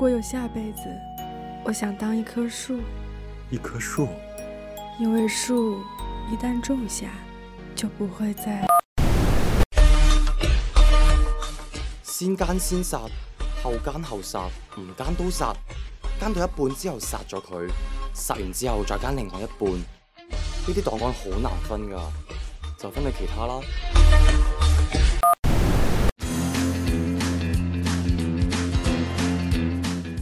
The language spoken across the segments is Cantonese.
如果有下輩子，我想當一棵樹。一棵樹，因為樹一旦種下，就不會再。先奸先殺，後奸後殺，唔奸都殺，奸到一半之後殺咗佢，殺完之後再奸另外一半。呢啲檔案好難分㗎，就分你其他啦。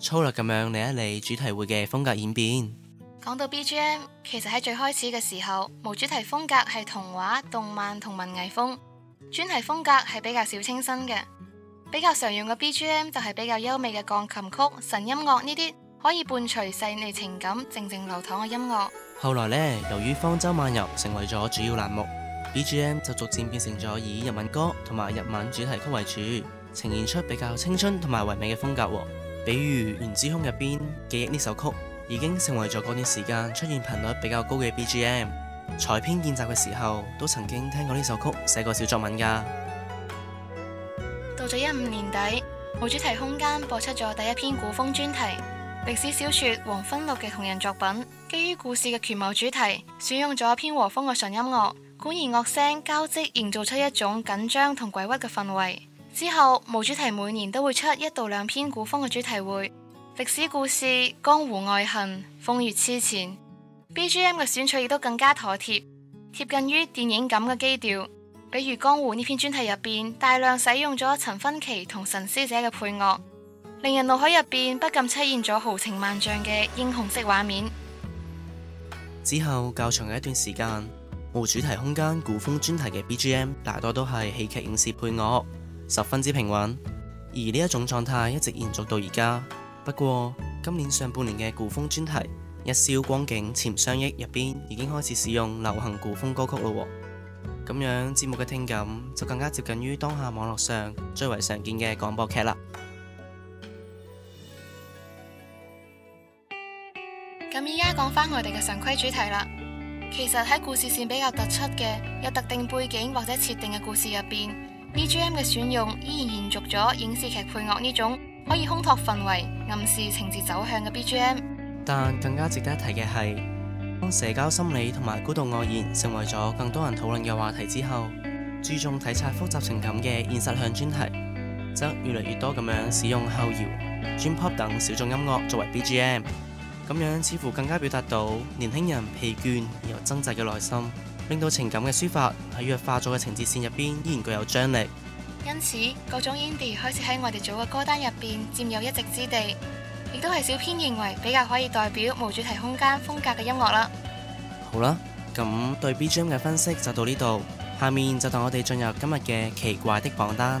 粗略咁樣理一理主題會嘅風格演變。講到 B G M，其實喺最開始嘅時候，無主題風格係童話、動漫同文藝風。專題風格係比較小清新嘅，比較常用嘅 B G M 就係比較優美嘅鋼琴曲、純音樂呢啲，可以伴隨細，細膩情感、靜靜流淌嘅音樂。後來呢，由於《方舟漫遊》成為咗主要欄目，B G M 就逐漸變成咗以日文歌同埋日文主題曲為主，呈現出比較青春同埋唯美嘅風格。比如《原子空》裡面入邊記憶呢首曲，已經成為咗嗰段時間出現頻率比較高嘅 BGM。採編見習嘅時候，都曾經聽過呢首曲，寫過小作文噶。到咗一五年底，無主題空間播出咗第一篇古風專題歷史小說《黃昏錄》嘅同人作品，基於故事嘅權謀主題，選用咗偏和風嘅純音樂，管弦樂聲交織，營造出一種緊張同詭譎嘅氛圍。之後無主題每年都會出一到兩篇古風嘅主題會歷史故事、江湖愛恨、風月痴纏 B G M 嘅選取亦都更加妥貼，貼近於電影感嘅基調。比如《江湖》呢篇專題入邊大量使用咗陳勳奇同神思者嘅配樂，令人腦海入邊不禁出現咗豪情萬丈嘅英雄式畫面。之後較長嘅一段時間，無主題空間古風專題嘅 B G M 大多都係戲劇影視配樂。十分之平穩，而呢一種狀態一直延續到而家。不過今年上半年嘅古風專題《一宵光景潛相憶》入邊已經開始使用流行古風歌曲咯，咁樣節目嘅聽感就更加接近於當下網絡上最為常見嘅廣播劇啦。咁依家講翻我哋嘅常規主題啦，其實喺故事線比較突出嘅、有特定背景或者設定嘅故事入邊。BGM 嘅選用依然延續咗影視劇配樂呢種可以烘托氛圍、暗示情節走向嘅 BGM。但更加值得一提嘅係，當社交心理同埋孤獨外現成為咗更多人討論嘅話題之後，注重體察複雜情感嘅現實向專題，則越嚟越多咁樣使用後搖、dream pop 等小眾音樂作為 BGM。咁樣似乎更加表達到年輕人疲倦而又掙扎嘅內心。令到情感嘅抒發喺弱化咗嘅情節線入邊依然具有張力，因此各種 indie 開始喺我哋組嘅歌單入邊佔有一席之地，亦都係小編認為比較可以代表無主題空間風格嘅音樂啦。好啦，咁對 BGM 嘅分析就到呢度，下面就同我哋進入今日嘅奇怪的榜單。